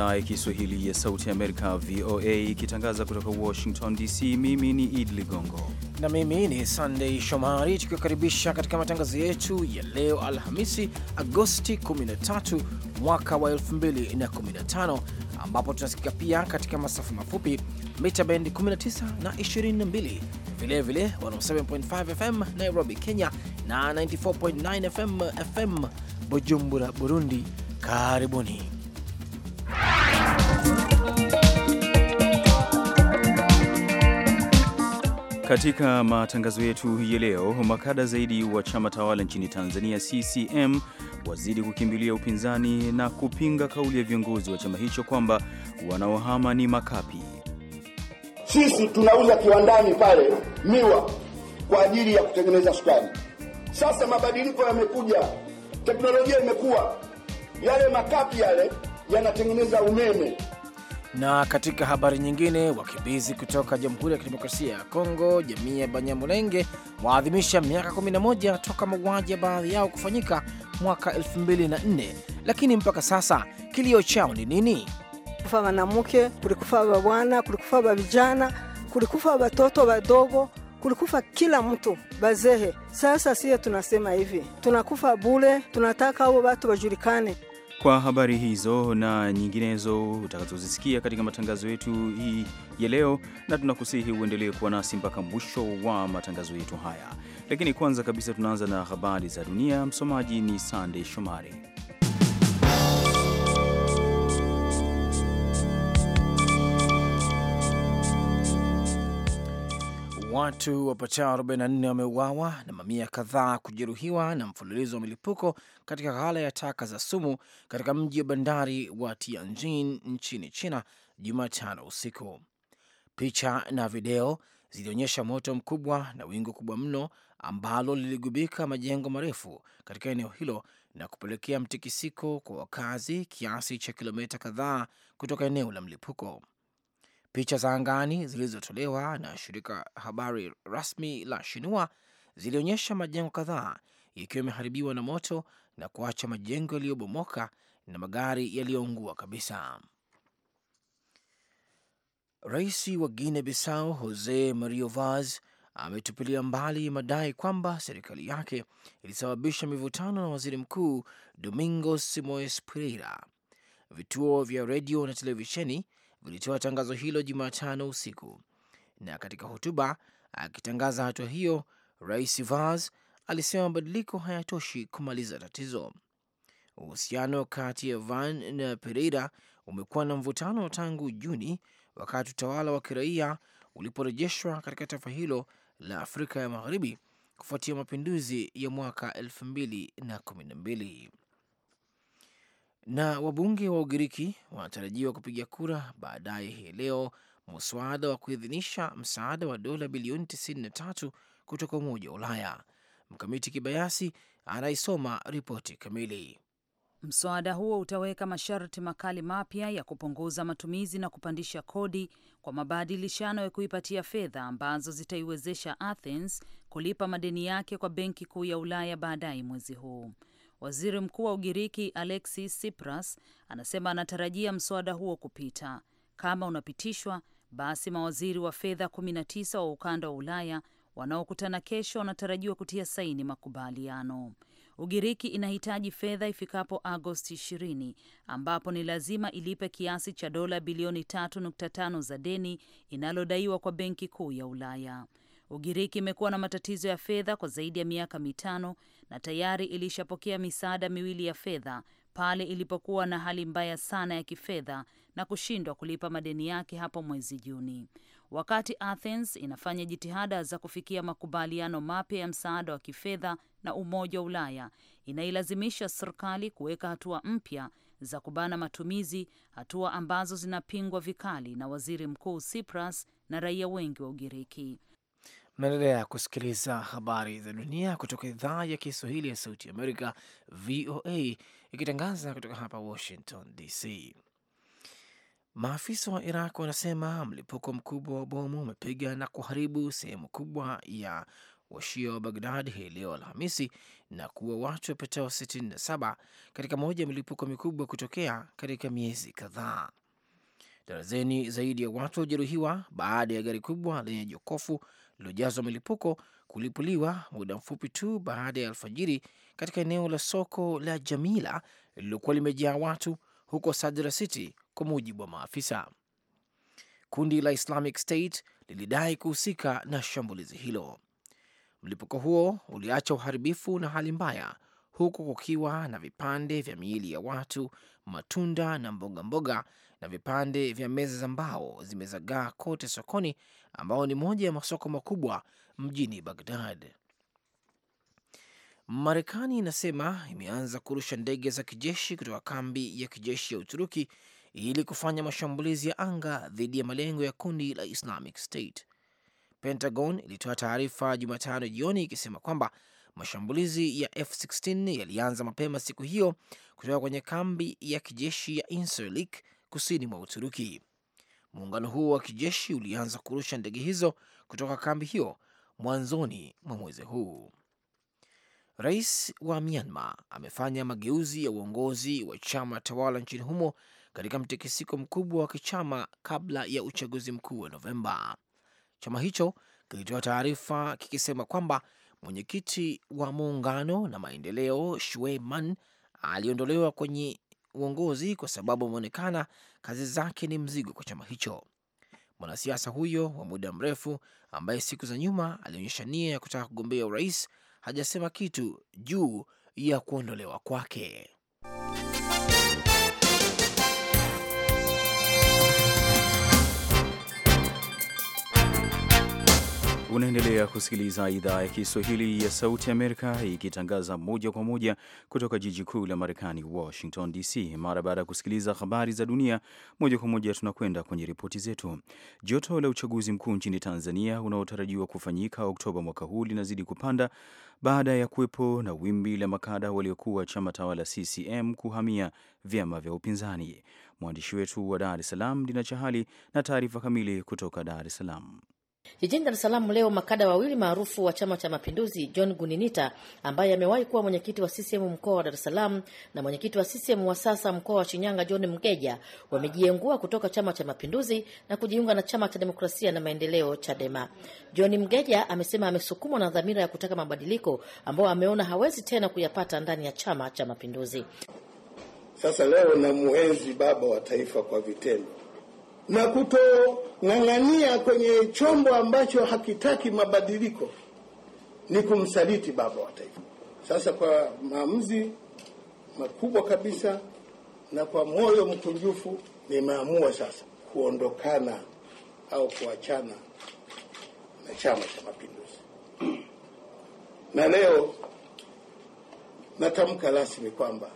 idhaa ya Kiswahili ya Sauti ya Amerika, VOA, ikitangaza kutoka Washington DC. Mimi ni Idi Ligongo na mimi ni Sandei Shomari, tukiwakaribisha katika matangazo yetu ya leo Alhamisi, Agosti 13 mwaka wa 2015 ambapo tunasikika pia katika masafa mafupi mita bendi 19 na 22, vilevile 107.5 FM Nairobi, Kenya na 94.9 FM FM Bujumbura, Burundi. Karibuni. Katika matangazo yetu ya leo, makada zaidi wa chama tawala nchini Tanzania CCM wazidi kukimbilia upinzani na kupinga kauli ya viongozi wa chama hicho kwamba wanaohama ni makapi. Sisi tunauza kiwandani pale miwa kwa ajili ya kutengeneza sukari. Sasa mabadiliko yamekuja, teknolojia imekuwa, yale makapi yale yanatengeneza umeme na katika habari nyingine, wakimbizi kutoka Jamhuri ya Kidemokrasia ya Kongo, jamii ya Banyamulenge waadhimisha miaka 11 toka mauaji ya baadhi yao kufanyika mwaka 2004 lakini mpaka sasa kilio chao ni nini? Kufa wanamuke, kulikufa wabwana, kulikufa wavijana, kulikufa watoto wadogo, kulikufa kila mtu bazehe. Sasa siye tunasema hivi, tunakufa bule, tunataka hao watu wajulikane. Kwa habari hizo na nyinginezo utakazozisikia katika matangazo yetu hii ya leo, na tunakusihi uendelee kuwa nasi mpaka mwisho wa matangazo yetu haya. Lakini kwanza kabisa tunaanza na habari za dunia. Msomaji ni Sandey Shomari. Watu wapatao 44 wameuawa na mamia kadhaa kujeruhiwa na mfululizo wa milipuko katika ghala ya taka za sumu katika mji wa bandari wa Tianjin nchini China Jumatano usiku. Picha na video zilionyesha moto mkubwa na wingu kubwa mno ambalo liligubika majengo marefu katika eneo hilo na kupelekea mtikisiko kwa wakazi kiasi cha kilomita kadhaa kutoka eneo la mlipuko. Picha za angani zilizotolewa na shirika habari rasmi la Shinua zilionyesha majengo kadhaa yakiwa yameharibiwa na moto na kuacha majengo yaliyobomoka na magari yaliyoungua kabisa. Rais wa Guinea Bissau Jose Mario Vaz ametupilia mbali madai kwamba serikali yake ilisababisha mivutano na waziri mkuu Domingos Simoes Pereira. Vituo vya redio na televisheni vilitoa tangazo hilo Jumatano usiku. Na katika hotuba akitangaza hatua hiyo, Rais Vaz alisema mabadiliko hayatoshi kumaliza tatizo. Uhusiano kati ya Van na Pereira umekuwa na mvutano tangu Juni, wakati utawala wa kiraia uliporejeshwa katika taifa hilo la Afrika ya Magharibi kufuatia mapinduzi ya mwaka elfu mbili na kumi na mbili. Na wabunge wa Ugiriki wanatarajiwa kupiga kura baadaye hii leo muswada wa kuidhinisha msaada wa dola bilioni 93 kutoka Umoja wa Ulaya. Mkamiti Kibayasi anaisoma ripoti kamili. Mswada huo utaweka masharti makali mapya ya kupunguza matumizi na kupandisha kodi kwa mabadilishano ya kuipatia fedha ambazo zitaiwezesha Athens kulipa madeni yake kwa Benki Kuu ya Ulaya baadaye mwezi huu. Waziri Mkuu wa Ugiriki Alexis Tsipras anasema anatarajia mswada huo kupita. Kama unapitishwa, basi mawaziri wa fedha 19 wa ukanda wa Ulaya wanaokutana kesho wanatarajiwa kutia saini makubaliano. Ugiriki inahitaji fedha ifikapo Agosti 20 ambapo ni lazima ilipe kiasi cha dola bilioni 3.5 za deni inalodaiwa kwa Benki Kuu ya Ulaya. Ugiriki imekuwa na matatizo ya fedha kwa zaidi ya miaka mitano na tayari ilishapokea misaada miwili ya fedha pale ilipokuwa na hali mbaya sana ya kifedha na kushindwa kulipa madeni yake hapo mwezi Juni. Wakati Athens inafanya jitihada za kufikia makubaliano mapya ya msaada wa kifedha na Umoja wa Ulaya, inailazimisha serikali kuweka hatua mpya za kubana matumizi, hatua ambazo zinapingwa vikali na Waziri Mkuu Tsipras na raia wengi wa Ugiriki. Naendelea kusikiliza habari za dunia kutoka idhaa ya Kiswahili ya Sauti Amerika, VOA, ikitangaza kutoka hapa Washington DC. Maafisa wa Iraq wanasema mlipuko mkubwa wa bomu umepiga na kuharibu sehemu kubwa ya washia wa Bagdad hii leo Alhamisi na kuwa watu wapatao 67 katika moja ya milipuko mikubwa kutokea katika miezi kadhaa. Darazeni zaidi ya watu waliojeruhiwa baada ya gari kubwa lenye jokofu lililojazwa milipuko kulipuliwa muda mfupi tu baada ya alfajiri katika eneo la soko la Jamila lililokuwa limejaa watu huko Sadra City, kwa mujibu wa maafisa. Kundi la Islamic State lilidai kuhusika na shambulizi hilo. Mlipuko huo uliacha uharibifu na hali mbaya, huku kukiwa na vipande vya miili ya watu, matunda na mboga mboga na vipande vya meza za mbao zimezagaa kote sokoni, ambao ni moja ya masoko makubwa mjini Bagdad. Marekani inasema imeanza kurusha ndege za kijeshi kutoka kambi ya kijeshi ya Uturuki ili kufanya mashambulizi ya anga dhidi ya malengo ya kundi la Islamic State. Pentagon ilitoa taarifa Jumatano jioni ikisema kwamba mashambulizi ya F16 yalianza mapema siku hiyo kutoka kwenye kambi ya kijeshi ya Incirlik kusini mwa Uturuki. Muungano huo wa kijeshi ulianza kurusha ndege hizo kutoka kambi hiyo mwanzoni mwa mwezi huu. Rais wa Myanmar amefanya mageuzi ya uongozi wa chama tawala nchini humo katika mtikisiko mkubwa wa kichama kabla ya uchaguzi mkuu wa Novemba. Chama hicho kilitoa taarifa kikisema kwamba mwenyekiti wa muungano na maendeleo Shwe Man aliondolewa kwenye uongozi kwa sababu ameonekana kazi zake ni mzigo kwa chama hicho. Mwanasiasa huyo wa muda mrefu ambaye siku za nyuma alionyesha nia ya kutaka kugombea urais hajasema kitu juu ya kuondolewa kwake. Unaendelea kusikiliza idhaa ya Kiswahili ya Sauti Amerika ikitangaza moja kwa moja kutoka jiji kuu la Marekani, Washington DC. Mara baada ya kusikiliza habari za dunia moja kwa moja, tunakwenda kwenye ripoti zetu. Joto la uchaguzi mkuu nchini Tanzania unaotarajiwa kufanyika Oktoba mwaka huu linazidi kupanda baada ya kuwepo na wimbi la makada waliokuwa chama tawala CCM kuhamia vyama vya upinzani. Mwandishi wetu wa Dar es Salaam, Dina Chahali, na taarifa kamili kutoka Dar es Salaam. Jijini Dar es Salaam leo makada wawili maarufu wa Chama cha Mapinduzi, John Guninita ambaye amewahi kuwa mwenyekiti wa CCM mkoa wa Dar es Salaam na mwenyekiti wa CCM wa sasa mkoa wa Shinyanga, John Mgeja, wamejiengua kutoka Chama cha Mapinduzi na kujiunga na Chama cha Demokrasia na Maendeleo, CHADEMA. John Mgeja amesema amesukumwa na dhamira ya kutaka mabadiliko ambayo ameona hawezi tena kuyapata ndani ya Chama cha Mapinduzi. Sasa leo namuenzi baba wa taifa kwa vitendo na kutong'ang'ania kwenye chombo ambacho hakitaki mabadiliko ni kumsaliti baba wa taifa. Sasa kwa maamuzi makubwa kabisa na kwa moyo mkunjufu, nimeamua sasa kuondokana au kuachana na Chama cha Mapinduzi, na leo natamka rasmi kwamba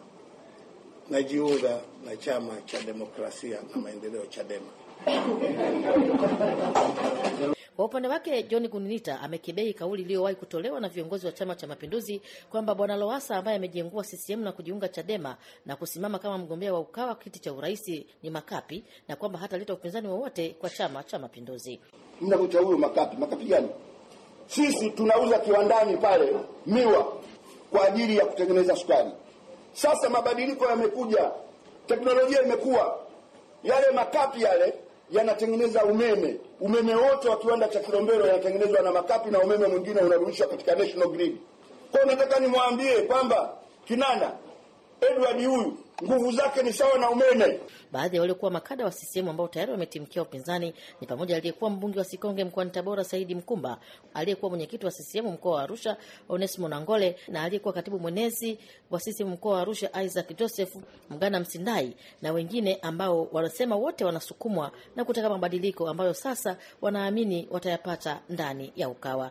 najiunga na Chama cha Demokrasia na Maendeleo, CHADEMA. Kwa upande wake John Guninita amekibei kauli iliyowahi kutolewa na viongozi wa Chama cha Mapinduzi kwamba Bwana loasa ambaye amejiengua CCM na kujiunga Chadema na kusimama kama mgombea wa Ukawa kiti cha urahisi ni makapi na kwamba hataleta upinzani wowote kwa Chama cha Mapinduzi. Mnakucha huyo makapi, makapi gani? Sisi tunauza kiwandani pale miwa kwa ajili ya kutengeneza sukari. Sasa mabadiliko yamekuja, teknolojia imekuwa, yale makapi yale yanatengeneza umeme. Umeme wote wa kiwanda cha Kilombero yanatengenezwa na makapi na umeme mwingine unarudishwa katika national grid. Kwa nataka nimwambie kwamba Kinana Edward huyu nguvu zake ni sawa na umeme. Baadhi ya waliokuwa makada wa CCM ambao tayari wametimkia upinzani ni pamoja aliyekuwa mbunge wa Sikonge mkoani Tabora Saidi Mkumba, aliyekuwa mwenyekiti wa CCM mkoa wa Arusha Onesimo Nangole, na aliyekuwa katibu mwenezi wa CCM mkoa wa Arusha Isaac Joseph Mgana Msindai na wengine ambao wanasema wote wanasukumwa na kutaka mabadiliko ambayo sasa wanaamini watayapata ndani ya Ukawa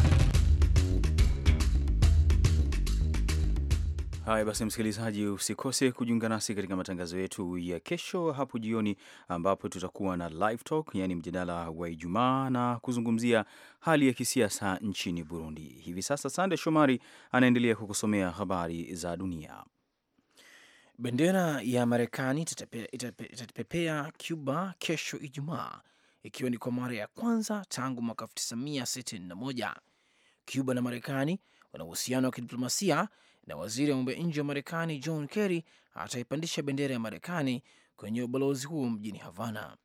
Haya basi, msikilizaji, usikose kujiunga nasi katika matangazo yetu ya kesho hapo jioni, ambapo tutakuwa na live talk, yaani mjadala wa Ijumaa na kuzungumzia hali ya kisiasa nchini Burundi hivi sasa. Sande Shomari anaendelea kukusomea habari za dunia. Bendera ya Marekani itapepea Cuba kesho Ijumaa, ikiwa ni kwa mara ya kwanza tangu mwaka 1961. Cuba na Marekani wana uhusiano wa kidiplomasia na waziri wa mambo ya nje wa Marekani John Kerry ataipandisha bendera ya Marekani kwenye ubalozi huo mjini Havana,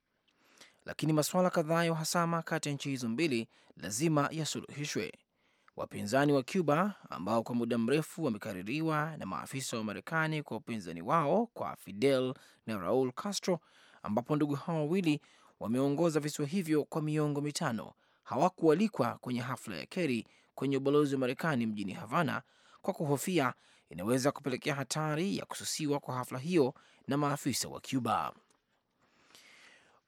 lakini masuala kadhaa ya uhasama kati ya nchi hizo mbili lazima yasuluhishwe. Wapinzani wa Cuba ambao kwa muda mrefu wamekaririwa na maafisa wa Marekani kwa upinzani wao kwa Fidel na Raul Castro, ambapo ndugu hao wawili wameongoza visiwa hivyo kwa miongo mitano, hawakualikwa kwenye hafla ya Keri kwenye ubalozi wa Marekani mjini Havana kwa kuhofia inaweza kupelekea hatari ya kususiwa kwa hafla hiyo na maafisa wa Cuba.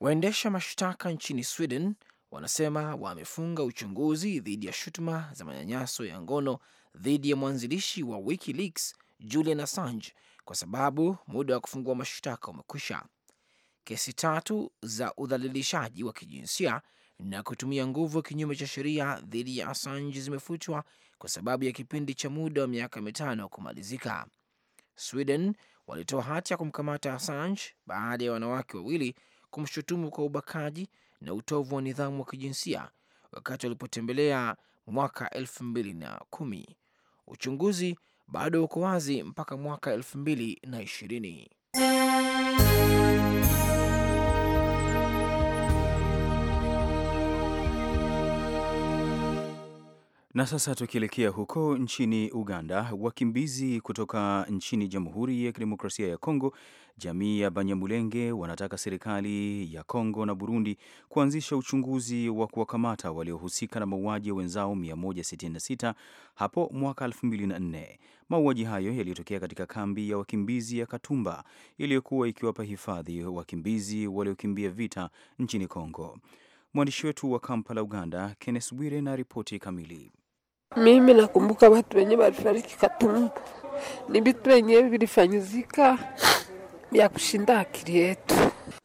Waendesha mashtaka nchini Sweden wanasema wamefunga uchunguzi dhidi ya shutuma za manyanyaso ya ngono dhidi ya mwanzilishi wa WikiLeaks Julian Assange kwa sababu muda wa kufungua mashtaka umekwisha. Kesi tatu za udhalilishaji wa kijinsia na kutumia nguvu kinyume cha sheria dhidi ya Assange zimefutwa kwa sababu ya kipindi cha muda wa miaka mitano kumalizika. Sweden walitoa hati ya kumkamata Assange baada ya wanawake wawili kumshutumu kwa ubakaji na utovu wa nidhamu wa kijinsia wakati walipotembelea mwaka elfu mbili na kumi. Uchunguzi bado uko wazi mpaka mwaka elfu mbili na ishirini. Na sasa tukielekea huko nchini Uganda, wakimbizi kutoka nchini Jamhuri ya Kidemokrasia ya Kongo, jamii ya Banyamulenge wanataka serikali ya Kongo na Burundi kuanzisha uchunguzi wa kuwakamata waliohusika na mauaji ya wenzao 166 hapo mwaka 2004. Mauaji hayo yaliyotokea katika kambi ya wakimbizi ya Katumba iliyokuwa ikiwapa hifadhi wakimbizi waliokimbia vita nchini Kongo. Mwandishi wetu wa Kampala, Uganda, kennes Bwire na ripoti kamili. Mimi nakumbuka watu wenye walifariki Katumba, ni vitu wenye vilifanyizika vya kushinda akili yetu.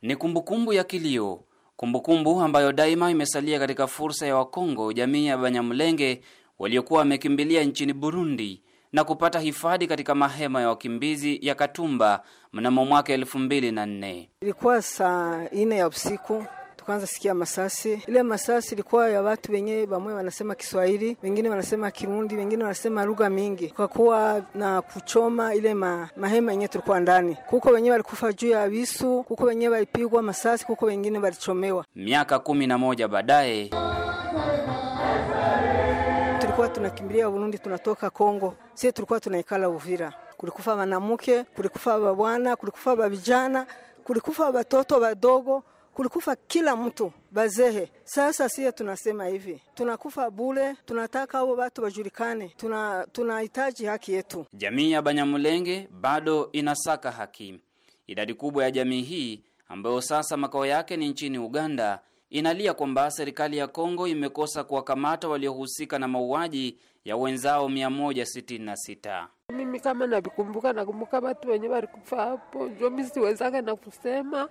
Ni kumbukumbu ya kilio, kumbukumbu ambayo daima imesalia katika fursa ya Wakongo, jamii ya Banyamulenge waliokuwa wamekimbilia nchini Burundi na kupata hifadhi katika mahema ya wakimbizi ya Katumba mnamo mwaka elfu mbili na nne. Ilikuwa saa nne ya usiku tukaanza sikia masasi. Ile masasi ilikuwa ya watu wenye bamwe wanasema Kiswahili, wengine wanasema Kirundi, wengine wanasema lugha mingi. Tukakuwa na kuchoma ile ma, mahema yenye tulikuwa ndani. Kuko wenye walikufa juu ya visu, kuko wenye walipigwa masasi, kuko wengine walichomewa. Miaka kumi na moja baadaye tulikuwa tunakimbilia Burundi, tunatoka Kongo, sisi tulikuwa tunaikala Uvira. Kulikufa wanamuke, kulikufa babwana, kulikufa babijana, kulikufa batoto badogo kulikufa kila mtu bazehe. Sasa sie tunasema hivi, tunakufa bule, tunataka hao watu wajulikane, tunahitaji tuna haki yetu. Jamii ya Banyamulenge bado inasaka haki. Idadi kubwa ya jamii hii ambayo sasa makao yake ni nchini Uganda inalia kwamba serikali ya Kongo imekosa kuwakamata waliohusika na mauaji ya wenzao 166. Mimi kama navikumbuka, nakumbuka watu wenye walikufa hapo, ndio mimi na kusema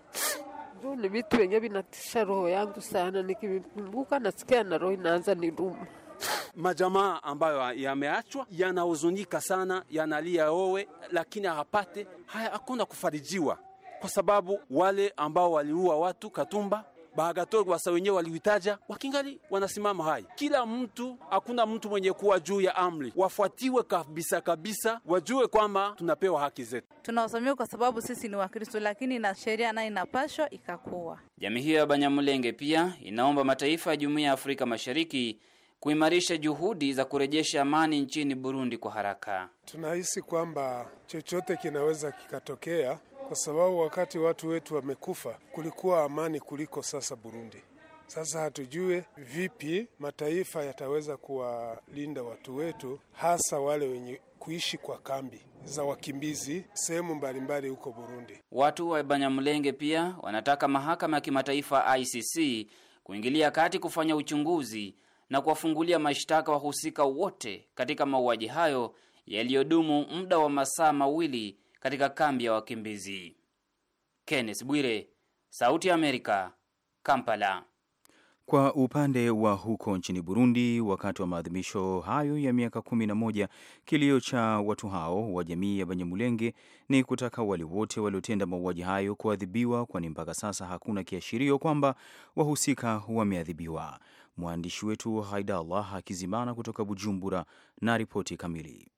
juu ni vitu vyenye vinatisha roho yangu sana, nikivikumbuka nasikia na roho inaanza niruma. Majamaa ambayo yameachwa yanahuzunika sana, yanalia owe, lakini hapate haya hakuna kufarijiwa, kwa sababu wale ambao waliua watu Katumba Bahagatori wasa wenyewe waliwitaja wakingali wanasimama hai. Kila mtu, hakuna mtu mwenye kuwa juu ya amri, wafuatiwe kabisa kabisa, wajue kwamba tunapewa haki zetu. Tunawasamehe kwa sababu sisi ni Wakristo, lakini na sheria nayo inapashwa ikakuwa. Jamii hiyo ya Banyamulenge pia inaomba mataifa ya Jumuiya ya Afrika Mashariki kuimarisha juhudi za kurejesha amani nchini Burundi kwa haraka. Tunahisi kwamba chochote kinaweza kikatokea kwa sababu wakati watu wetu wamekufa kulikuwa amani kuliko sasa Burundi. Sasa hatujue vipi mataifa yataweza kuwalinda watu wetu, hasa wale wenye kuishi kwa kambi za wakimbizi sehemu mbalimbali huko Burundi. Watu wa Banyamulenge pia wanataka mahakama ya kimataifa ICC kuingilia kati kufanya uchunguzi na kuwafungulia mashtaka wahusika wote katika mauaji hayo yaliyodumu muda wa masaa mawili katika kambi ya wakimbizi. Kenneth Bwire, Sauti ya Amerika, Kampala. Kwa upande wa huko nchini Burundi, wakati wa maadhimisho hayo ya miaka kumi na moja, kilio cha watu hao wa jamii ya Banyamulenge ni kutaka wale wote waliotenda mauaji hayo kuadhibiwa, kwani mpaka sasa hakuna kiashirio kwamba wahusika wameadhibiwa. Mwandishi wetu Haidallah Hakizimana kutoka Bujumbura na ripoti kamili.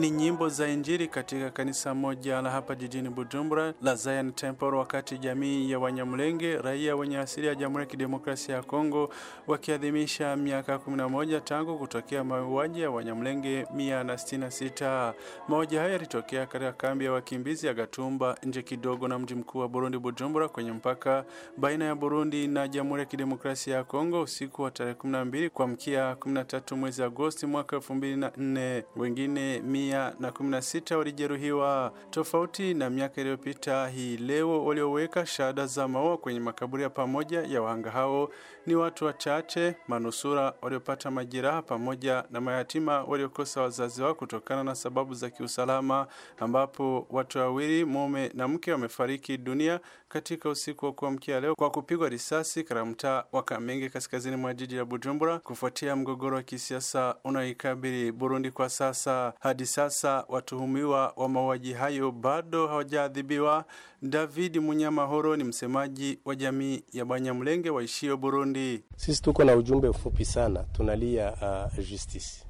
ni nyimbo za Injili katika kanisa moja la hapa jijini Bujumbura la Zion Temple, wakati jamii ya Wanyamulenge, raia wenye asili ya Jamhuri ya Kidemokrasia ya Kongo, wakiadhimisha miaka 11 tangu kutokea mauaji ya Wanyamulenge 166. Mauaji haya yalitokea katika kambi ya wakimbizi ya Gatumba, nje kidogo na mji mkuu wa Burundi, Bujumbura, kwenye mpaka baina ya Burundi na Jamhuri ya Kidemokrasia ya Kongo, usiku wa tarehe 12 kwa mkia 13 mwezi Agosti mwaka 2004. Wengine 116 walijeruhiwa, tofauti na miaka iliyopita. Hii leo walioweka shahada za maua kwenye makaburi ya pamoja ya wahanga hao ni watu wachache, manusura waliopata majeraha pamoja na mayatima waliokosa wazazi wao kutokana na sababu za kiusalama, ambapo watu wawili, mume na mke, wamefariki dunia katika usiku wa kuamkia leo kwa kupigwa risasi katika mtaa wa Kamenge kaskazini mwa jiji la Bujumbura kufuatia mgogoro wa kisiasa unaoikabili Burundi kwa sasa hadi sasa watuhumiwa wa mauaji hayo bado hawajaadhibiwa. David Munyamahoro ni msemaji wa jamii ya Banyamulenge waishio Burundi. Sisi tuko na ujumbe mfupi sana, tunalia uh, justice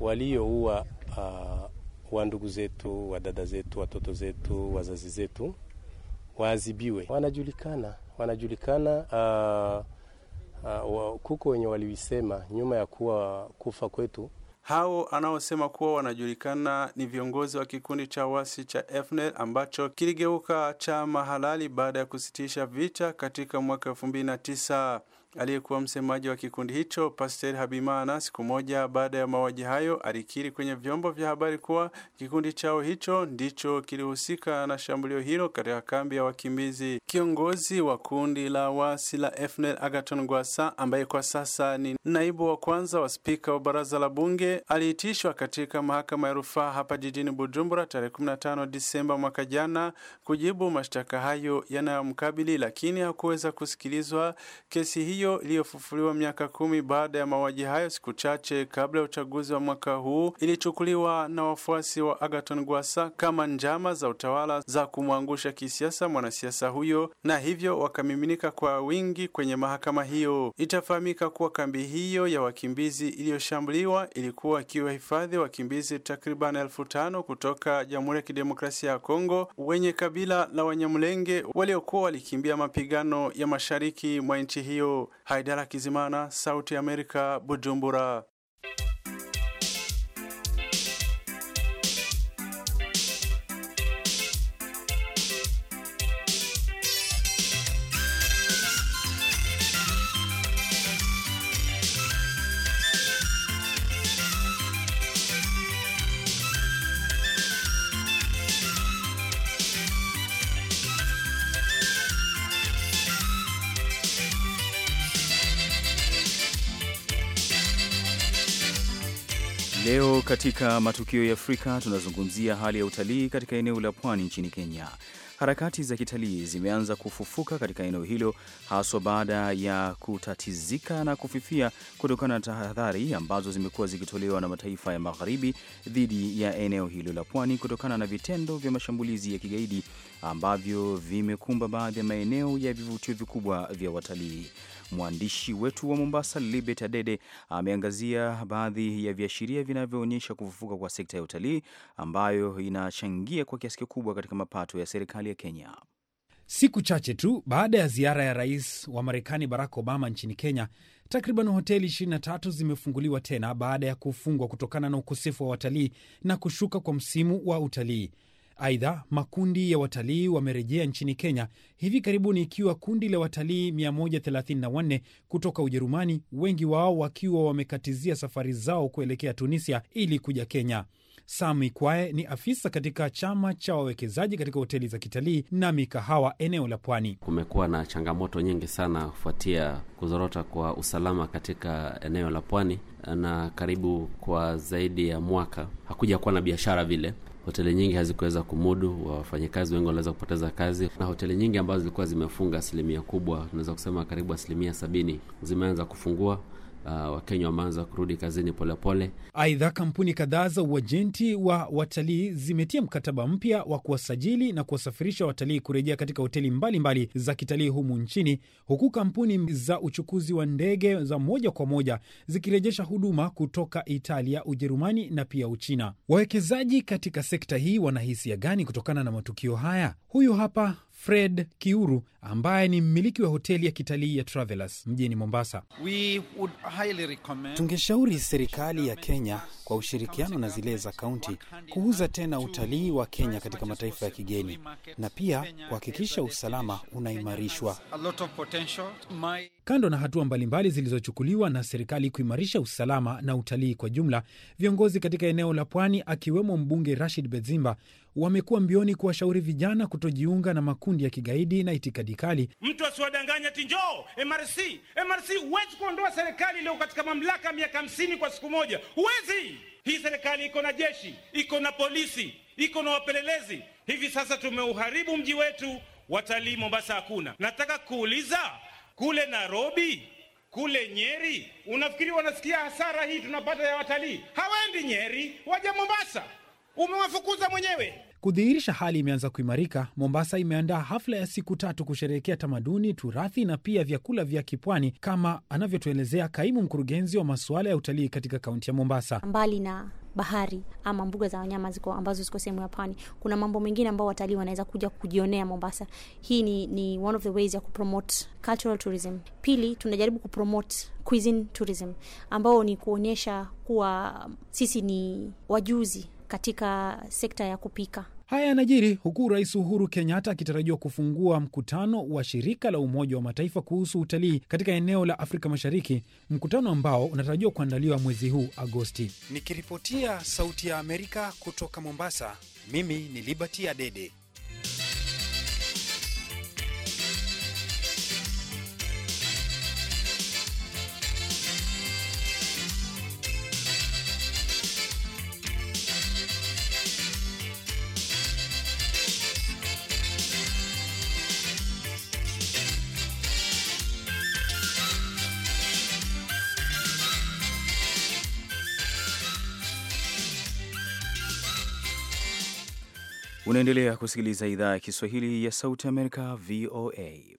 walioua uh, wa ndugu zetu, wa dada zetu, watoto zetu, wazazi zetu waadhibiwe, wanajulikana, wanajulikana uh, uh, kuko wenye waliisema nyuma ya kuwa kufa kwetu hao anaosema kuwa wanajulikana ni viongozi wa kikundi cha wasi cha FNL ambacho kiligeuka chama halali baada ya kusitisha vita katika mwaka 29 Aliyekuwa msemaji wa kikundi hicho Pastor Habimana, siku moja baada ya mauaji hayo, alikiri kwenye vyombo vya habari kuwa kikundi chao hicho ndicho kilihusika na shambulio hilo katika kambi ya wakimbizi. Kiongozi wa kundi la wasi la FNL Agaton Gwasa, ambaye kwa sasa ni naibu wa kwanza wa spika wa baraza la bunge, aliitishwa katika mahakama ya rufaa hapa jijini Bujumbura tarehe 15 Disemba mwaka jana kujibu mashtaka hayo yanayomkabili, lakini hakuweza kusikilizwa. Kesi hii hiyo iliyofufuliwa miaka kumi baada ya mauaji hayo siku chache kabla ya uchaguzi wa mwaka huu ilichukuliwa na wafuasi wa agaton Gwasa kama njama za utawala za kumwangusha kisiasa mwanasiasa huyo, na hivyo wakamiminika kwa wingi kwenye mahakama hiyo. Itafahamika kuwa kambi hiyo ya wakimbizi iliyoshambuliwa ilikuwa ikiwahifadhi wakimbizi takriban elfu tano kutoka Jamhuri ya Kidemokrasia ya Kongo wenye kabila la Wanyamulenge waliokuwa walikimbia mapigano ya mashariki mwa nchi hiyo. Haidara Kizimana, Sauti ya Amerika, Bujumbura. katika matukio ya Afrika tunazungumzia hali ya utalii katika eneo la pwani nchini Kenya. Harakati za kitalii zimeanza kufufuka katika eneo hilo haswa baada ya kutatizika na kufifia kutokana na tahadhari ambazo zimekuwa zikitolewa na mataifa ya magharibi dhidi ya eneo hilo la pwani kutokana na vitendo vya mashambulizi ya kigaidi ambavyo vimekumba baadhi ya maeneo ya vivutio vikubwa vya watalii. Mwandishi wetu wa Mombasa, Libet Adede, ameangazia baadhi ya viashiria vinavyoonyesha kufufuka kwa sekta ya utalii ambayo inachangia kwa kiasi kikubwa katika mapato ya serikali serikali ya Kenya. Siku chache tu baada ya ziara ya rais wa Marekani Barack Obama nchini Kenya, takriban hoteli 23 zimefunguliwa tena baada ya kufungwa kutokana na ukosefu wa watalii na kushuka kwa msimu wa utalii. Aidha, makundi ya watalii wamerejea nchini Kenya hivi karibuni, ikiwa kundi la watalii 134 kutoka Ujerumani, wengi wao wakiwa wamekatizia safari zao kuelekea Tunisia ili kuja Kenya. Sam Ikwae ni afisa katika chama cha wawekezaji katika hoteli za kitalii na mikahawa eneo la pwani. Kumekuwa na changamoto nyingi sana kufuatia kuzorota kwa usalama katika eneo la pwani, na karibu kwa zaidi ya mwaka hakuja kuwa na biashara vile hoteli nyingi hazikuweza kumudu, wafanyakazi wengi waliweza kupoteza kazi, na hoteli nyingi ambazo zilikuwa zimefunga asilimia kubwa, tunaweza kusema karibu asilimia sabini, zimeanza kufungua Uh, Wakenya wameanza kurudi kazini polepole. Aidha, kampuni kadhaa za uajenti wa watalii zimetia mkataba mpya wa kuwasajili na kuwasafirisha watalii kurejea katika hoteli mbalimbali za kitalii humu nchini, huku kampuni za uchukuzi wa ndege za moja kwa moja zikirejesha huduma kutoka Italia, Ujerumani na pia Uchina. Wawekezaji katika sekta hii wanahisia gani kutokana na matukio haya? Huyu hapa Fred Kiuru ambaye ni mmiliki wa hoteli ya kitalii ya Travelers mjini Mombasa. Tungeshauri serikali ya Kenya kwa ushirikiano na zile za kaunti kuuza tena utalii wa Kenya katika mataifa ya kigeni na pia kuhakikisha usalama unaimarishwa. Kando na hatua mbalimbali zilizochukuliwa na serikali kuimarisha usalama na utalii kwa jumla, viongozi katika eneo la pwani akiwemo mbunge Rashid Bezimba wamekuwa mbioni kuwashauri vijana kutojiunga na makundi ya kigaidi na itikadi kali. Mtu asiwadanganya ati njoo MRC. MRC huwezi kuondoa serikali iliyo katika mamlaka miaka hamsini kwa siku moja, huwezi. Hii serikali iko na jeshi, iko na polisi, iko na wapelelezi. Hivi sasa tumeuharibu mji wetu, watalii Mombasa hakuna. Nataka kuuliza kule Nairobi kule Nyeri, unafikiri wanasikia hasara hii tunapata ya watalii? Hawaendi Nyeri, waja Mombasa. Umewafukuza mwenyewe. Kudhihirisha hali imeanza kuimarika, Mombasa imeandaa hafla ya siku tatu kusherehekea tamaduni, turathi na pia vyakula vya kipwani, kama anavyotuelezea kaimu mkurugenzi wa masuala ya utalii katika kaunti ya Mombasa. Mbali na bahari ama mbuga za wanyama ziko ambazo ziko sehemu ya pwani, kuna mambo mengine ambao watalii wanaweza kuja kujionea Mombasa. Hii ni, ni one of the ways ya kupromote cultural tourism. Pili, tunajaribu kupromote cuisine tourism ambao ni kuonyesha kuwa sisi ni wajuzi katika sekta ya kupika Haya yanajiri huku Rais Uhuru Kenyatta akitarajiwa kufungua mkutano wa shirika la Umoja wa Mataifa kuhusu utalii katika eneo la Afrika Mashariki, mkutano ambao unatarajiwa kuandaliwa mwezi huu Agosti. Nikiripotia Sauti ya Amerika kutoka Mombasa, mimi ni Liberty Adede. Unaendelea kusikiliza idhaa ya Kiswahili ya Sauti Amerika, VOA.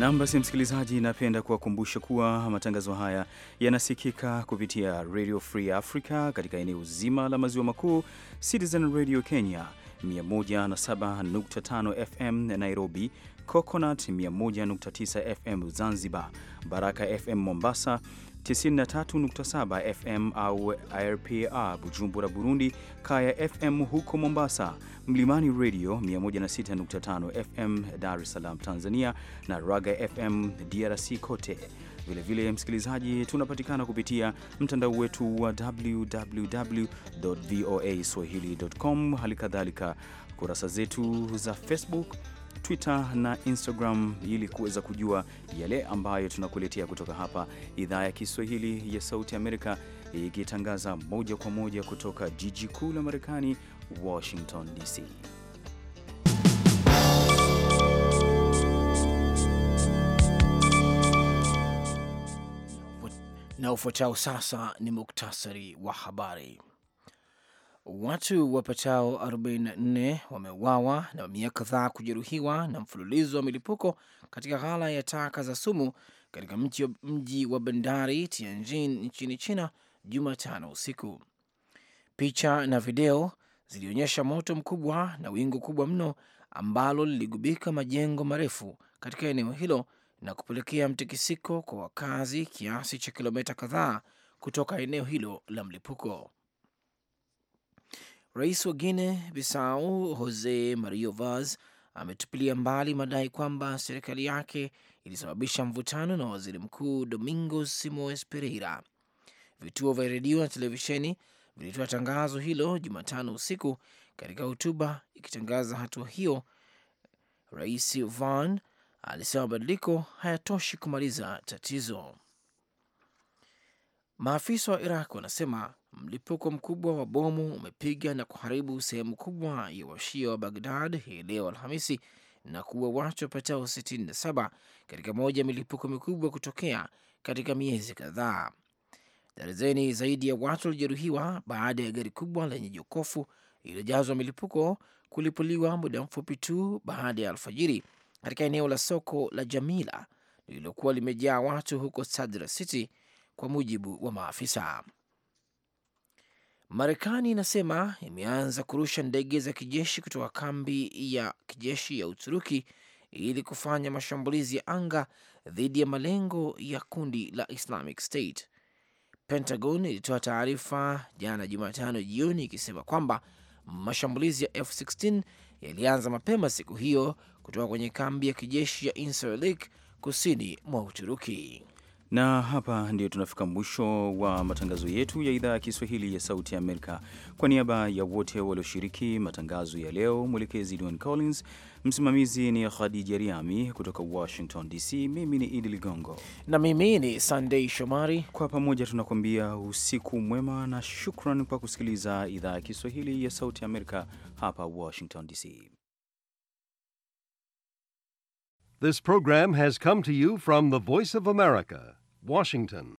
Nam, basi msikilizaji, napenda kuwakumbusha kuwa matangazo haya yanasikika kupitia Radio Free Africa katika eneo zima la maziwa makuu, Citizen Radio Kenya 107.5 FM Nairobi, Coconut 101.9 FM Zanzibar, Baraka FM Mombasa 93.7 FM au IRPR Bujumbura, Burundi, Kaya FM huko Mombasa, Mlimani Radio 106.5 FM Dar es Salaam, Tanzania na Raga FM DRC kote. Vilevile vile, msikilizaji, tunapatikana kupitia mtandao wetu wa www.voaswahili.com, hali kadhalika kurasa zetu za Facebook Twitter na Instagram ili kuweza kujua yale ambayo tunakuletea kutoka hapa idhaa ya Kiswahili ya Sauti Amerika, ikitangaza moja kwa moja kutoka jiji kuu la Marekani, Washington DC. Na ufuatao sasa ni muktasari wa habari. Watu wapatao 44 wameuawa na mamia kadhaa kujeruhiwa na mfululizo wa milipuko katika ghala ya taka za sumu katika mji wa bandari Tianjin nchini China Jumatano usiku. Picha na video zilionyesha moto mkubwa na wingu kubwa mno ambalo liligubika majengo marefu katika eneo hilo na kupelekea mtikisiko kwa wakazi kiasi cha kilomita kadhaa kutoka eneo hilo la mlipuko. Rais wa Guine Bissau Jose Mario Vaz ametupilia mbali madai kwamba serikali yake ilisababisha mvutano na waziri mkuu Domingos Simoes Pereira. Vituo vya redio na televisheni vilitoa tangazo hilo Jumatano usiku. Katika hotuba ikitangaza hatua hiyo, Rais Van alisema mabadiliko hayatoshi kumaliza tatizo. Maafisa wa Iraq wanasema Mlipuko mkubwa wa bomu umepiga na kuharibu sehemu kubwa ya washia wa Bagdad hii leo Alhamisi na kuua watu wapatao 67 katika moja ya milipuko mikubwa kutokea katika miezi kadhaa. Darzeni zaidi ya watu walijeruhiwa baada ya gari kubwa lenye jokofu iliyojazwa milipuko kulipuliwa muda mfupi tu baada ya alfajiri katika eneo la soko la Jamila lililokuwa limejaa watu huko Sadra City, kwa mujibu wa maafisa. Marekani inasema imeanza kurusha ndege za kijeshi kutoka kambi ya kijeshi ya Uturuki ili kufanya mashambulizi ya anga dhidi ya malengo ya kundi la Islamic State. Pentagon ilitoa taarifa jana Jumatano jioni ikisema kwamba mashambulizi ya F16 yalianza mapema siku hiyo kutoka kwenye kambi ya kijeshi ya Incirlik kusini mwa Uturuki. Na hapa ndio tunafika mwisho wa matangazo yetu ya idhaa ya Kiswahili ya Sauti Amerika. Kwa niaba ya wote walioshiriki matangazo ya leo, mwelekezi Don Collins, msimamizi ni Khadija Riami kutoka Washington DC, mimi ni Idi Ligongo na mimi ni Sandei Shomari. Kwa pamoja tunakuambia usiku mwema na shukran kwa kusikiliza idhaa ya Kiswahili ya Sauti Amerika hapa Washington DC. This program has come to you from the Voice of America, Washington.